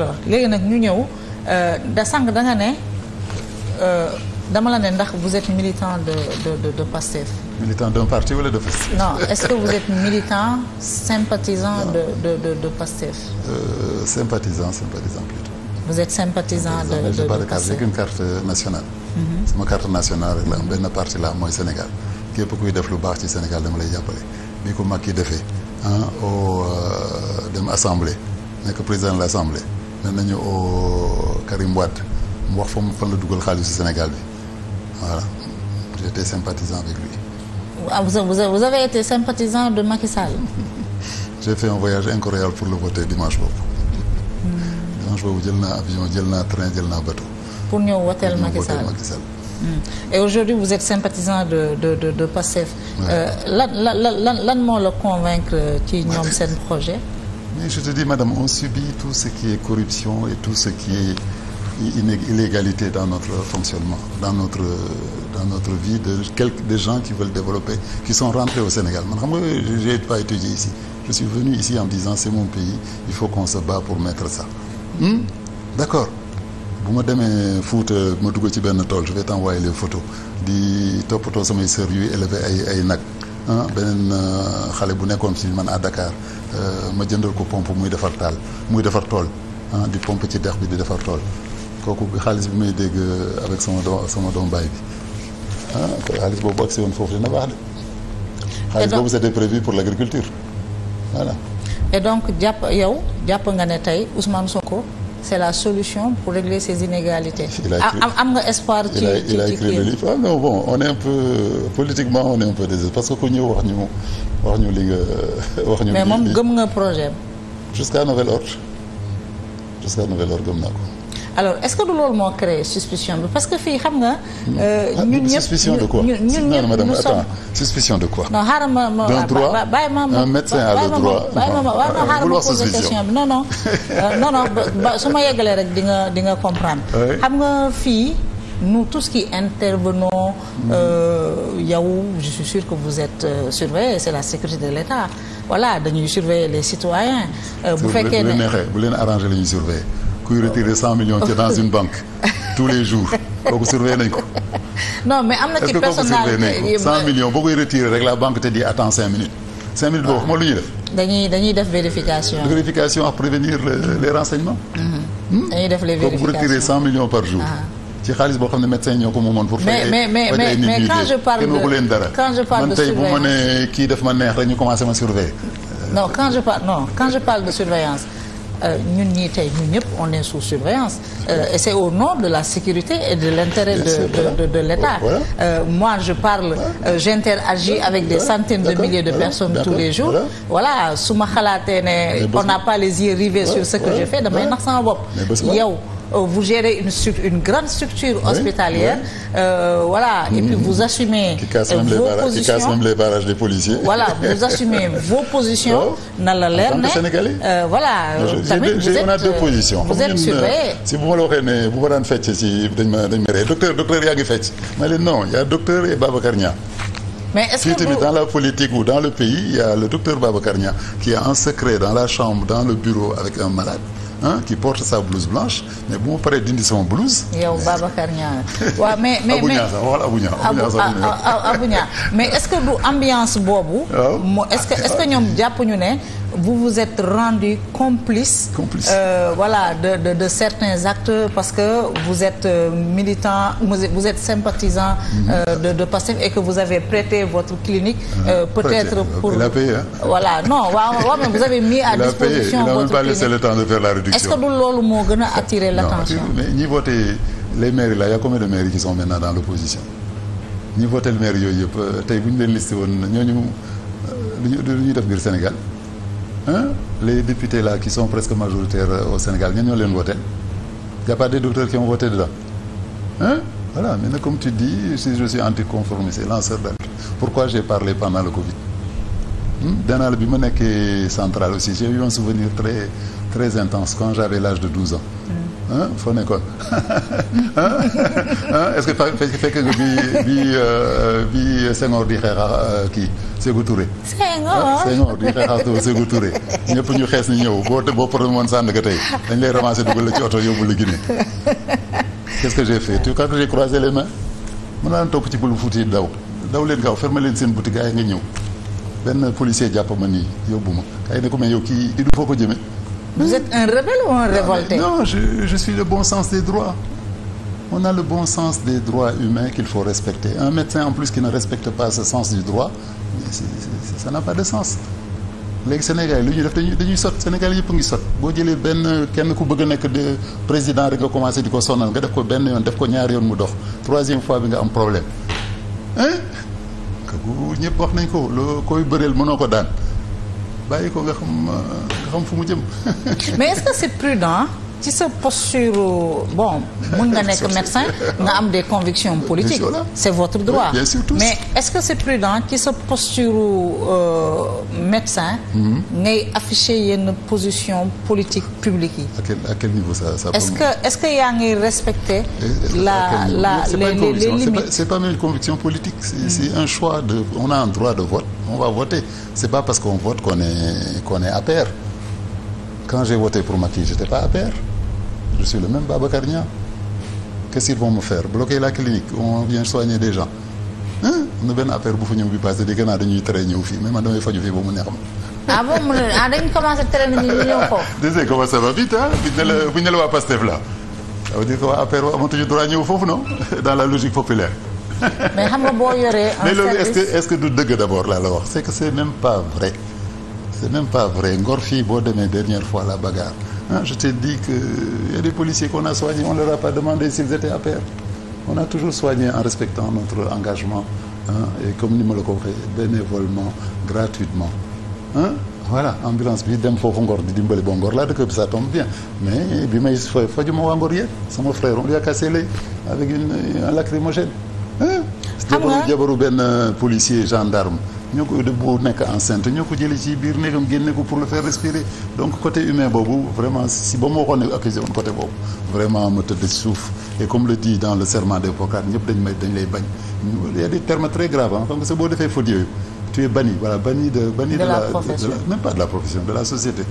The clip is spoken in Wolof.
alors léegi nag ñu ñëw euh, da sànq da nga ne euh, dama la ne ndax vous êtes militant de de de de Pastef. militant de Pastef. que vous êtes militant sympathisant de de de de Pastef. Euh, sympathisant sympathisant plutôt. vous êtes sympathisant de de de Pastef. j'ai pas de carte, j'ai qu'une carte nationale. Mhm. sama carte nationale rek la am benn parti la mooy Sénégal képp kuy def lu baax ci Sénégal dama lay jàppale bi ko Macky defee ah au dem assemblée nekk président l'assemblée. ne nañu au oh, Karim Wade mu wax fa mu fan la dugal xaalisu Sénégal bi voilà j'étais sympathisant avec lui. ah vous vous avez été sympathisant de Macky Sall. j'ai fait un voyage incroyable pour le voter dimanche boobu. Hmm. dimanche boobu jël na avion jël na train jël naa bateau. pour ñëw woteel Macky Sall hmm. et aujourd'hui vous êtes sympathisant de de de de Pastef. Euh, lan lan lan lan moo la convaincre ci ñoom seen projet. Mais je te dis, madame, on subit tout ce qui est corruption et tout ce qui est illégalité dans notre fonctionnement, dans notre, dans notre vie, de, des gens qui veulent développer, qui sont rentrés au Sénégal. Je n'ai pas étudié ici. Je suis venu ici en me disant, c'est mon pays, il faut qu'on se bat pour mettre ça. Hmm? D'accord bu ma demee Fouta ma dugg ci benn tool je vais t'envoyer les photos di toppatoo samay sœurs yuy ay ay nag ah beneen euh, xale bu nekkoon si man à Dakar euh, ma jëndal ko pompe muy defar taal muy defar tool ah di pomp ci dex bi di defar tool kooku xaalis bi muy dégg euh, avec sama doom sama doom baay bi ah xaalis boobu agsi woon foofu dina baax de. xaalis boobu c'était prévu pour l'agriculture voilà. et donc jàpp yow jàpp nga ne tey Ousmane ko c'est la solution pour régler ces inégalités. Ah, am nga espoir ci ci il a le livre ah non bon on est un peu politiquement on est un peu désespéré parce que ku ñëw wax ñu wax ñu li nga wax ñu. mais moom gëm nga projet jusqu'à nouvel ordre jusqu'à nouvel ordre gëm naa ko. alors est-ce que du loolu moo créé suspicion bi parce que fii xam nga. Euh, ah, ñun ñëpp suspicion de quoi ñun ñëpp madame attends suspicion de quoi. non xaaral ma ma d'un droit bàyyi ma ma un médecin a le droit bàyyi ma ma xaaral ma poser question bi non non. Euh, non non ba su ma yeggalee rek di nga di nga comprendre. xam nga fii. nous tous qui intervenons mm-hmm. euh, yow je suis sûr que vous êtes euh, surveillés c'est la sécurité de l'État voilà dañuy surveiller les citoyens. Euh, bu fekkee ne bu leen arrangé la ñuy surveiller. kuy retirer cent ci dans une banque tous les jours kooku surveillé nañ ko. non mais am na ci personnalité cent boo koy retirer rek la banque te dit attends minutes. minutes boobu xam nga lu ñuy def. dañuy def vérification. vérification à prévenir les renseignements. Mm-hmm. Hmm? dañuy def les vérifications par jour. Ah. ci xaalis boo xam ne médecin ñoo ko moomoon. pour fay mais mais mais mais quand je parle de man neex rek ñu commencé ma surveiller. non quand je parle de surveillance. Euh, ñun ñii tey ñun ñëpp on est sous surveillance euh, et c'est au nom de la sécurité et de l'intérêt de de de l'État euh, moi je parle j'interagis avec des centaines de milliers de personnes tous les jours voilà su ma xalaatee ne on n'a pas les yeux rivés sur ce que je fais damay nax sama bopp yow Euh, vous gérez une une grande structure hospitalière euh, voilà et puis mhm. vous assumez vos positions qui casse euh, même les barrages des policiers voilà vous assumez vos positions oh, na la leer ne euh, voilà tamit vous êtes on a deux positions vous êtes surveillé si bu ma la waxee ne bu ma daan fecc si dañ ma dañ ma ree docteur docteur yaa ngi fecc ma leen non y a docteur et Babacar Niang mais est-ce que vous... dans la politique ou dans le pays il y a le docteur Babacar Niang qui est en secret dans la chambre dans le bureau avec un malade ah qui porte sa blouse blanche mais bu ma paree dindi sama blouse. yow Babacar Niang waaw mais mais mais Abu Niang mais est-ce que du ambiance boobu. waaw est ñoom jàpp ñu ne. vous vous êtes rendu complice. complice. Euh, voilà de, de de certains actes parce que vous êtes euh, militant vous êtes sympathisant. Mhm. Euh, de de et que vous avez prêté votre clinique. Ah, euh, peut-être pour il a payé hein? voilà non waaw waaw mais vous avez mis à disposition. il a payé il n'a est-ce que du loolu moo gën a attirer l'attention. non mais ñi voté les maires la il y a combien de maires qui sont maintenant dans l'opposition ñi voté maire yooyu yëpp euh, tey bu ñu leen listé woon ñooñu lu ñu def biir Sénégal. hein les députés la qui son presque majoritaires euh, au Sénégal ñoo ñoo leen voté y a pas des docteurs qui ont voté dedans hein voilà mais nag comme tu dis si je suis anticonformiste lanceur d'alerte pourquoi j'ai parlé pendant le Covid hmm? danaa bi ma nekkee centrale aussi j'ai eu un souvenir très très intense quand j'avais l'âge de 12 ah foo nekkoon ah est-ce que fekk nga bi bi bi Senghor di xeexaa kii Sékou Touré. Senghor Senghor di xeexaa Sékou Touré ñëpp ñu xees ni ñëw boo boo poromoon woon sànn ka tey dañ lay ramasser dugal la ci oto yóbbu la Guinée. qu'est-ce que j'ai fait tu quand j'ai croisé les mains mën naa topp ci bulu fuuti daw daw leen gaaw ferme leen seen boutique ay nga ñëw benn policier jàpp ma nii yóbbu ma ay ne ko mais yow kii Idou foo ko jëmee. Vous êtes un rebelle ou un révolté Non, je, je suis le bon sens des droits. On a le bon sens des droits humains qu'il faut respecter. Un médecin en plus qui ne respecte pas ce sens du droit, c est, c n'a pas de sens. léegi Sénégal yi lu ñuy def dañuy dañuy sot Sénégal yëpp ngi sot boo jëlee benn kenn ku bëgg nekk de président rek nga commencé di ko sonal nga def ko benn yoon def ko ñaar yoon mu dox troisième fois bi nga am problème. hein kooku ñëpp wax nañ ko loo koy bëreel mënoo ko daan. bàyyi ko nga xam nga xam fu mu jëm. mais est-ce que c'est prudent. ci sa posture bon mën nga nekk médecin nga am des convictions politiques c'est votre droit oui, mais est-ce que c'est prudent ci sa posture euh, médecin mm-hmm. ngay mm -hmm. afficher yenn position politique publique yi à que est-ce que yaa ngi respecter la la les, les, les limites c'est pas, pas même une conviction politique c'est mm de on a un droit de vote on va voter c'est pas parce qu'on vote qu'on est qu'on est à pair quand j'ai voté pour Macky j'étais pas à je suis le même Babacar Niang qu'est-ce qu'ils vont me faire la clinique on vient soigner des gens hein benn affaire bu fa ñëw bi passé di gannaaw dañuy tere ñëw fii mais man damay faju fii ba mu neex ma ah bon mu ne ah dañ commencé traîner ñu waa Pastef la. ça APR amatuñu droit ñëw foofu non dans la logique populaire. mais boo yoree. mais est que est du dëgg d'abord laa la wax c'est que c'est même pas vrai. c'est même pas vrai ngor fii boo demee dernière fois la bagarre. ah je t'ai dit que il euh, y des policiers qu'on a soignés on leur a pas demandé s'ils étaient APR on a toujours soigné en respectant notre engagement et comme ni ma la ko waxee bénévolement gratuitement ah voilà ambulance bi dem foofu Ngor di dimbali bon Ngor laa dëkk bi ça tombe bien mais bi may fa fajuma waa Ngor yéen sama frère on lui a cassé l'œil avec une un lacrymogène ah jabaru jabaru benn euh, policier gendarme ñoo koy def boo nekk enceinte ñoo ko jëlee ci biir néegam génne ko pour le faire respirer donc côté humain boobu vraiment si ba ma waxoon ne accusé woon côté boobu vraiment ma tëdd suuf et comme le dit dans le serment d'Hippocrate ñëpp dañ may dañ lay bañ il y a des termes très graves ah parce que boo defee faute yooyu tu es banni voilà de banni de la, de la pas de la profession de la société